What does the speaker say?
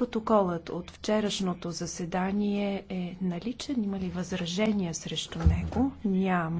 Протоколът от вчерашното заседание е наличен. Има ли възражения срещу него? Няма.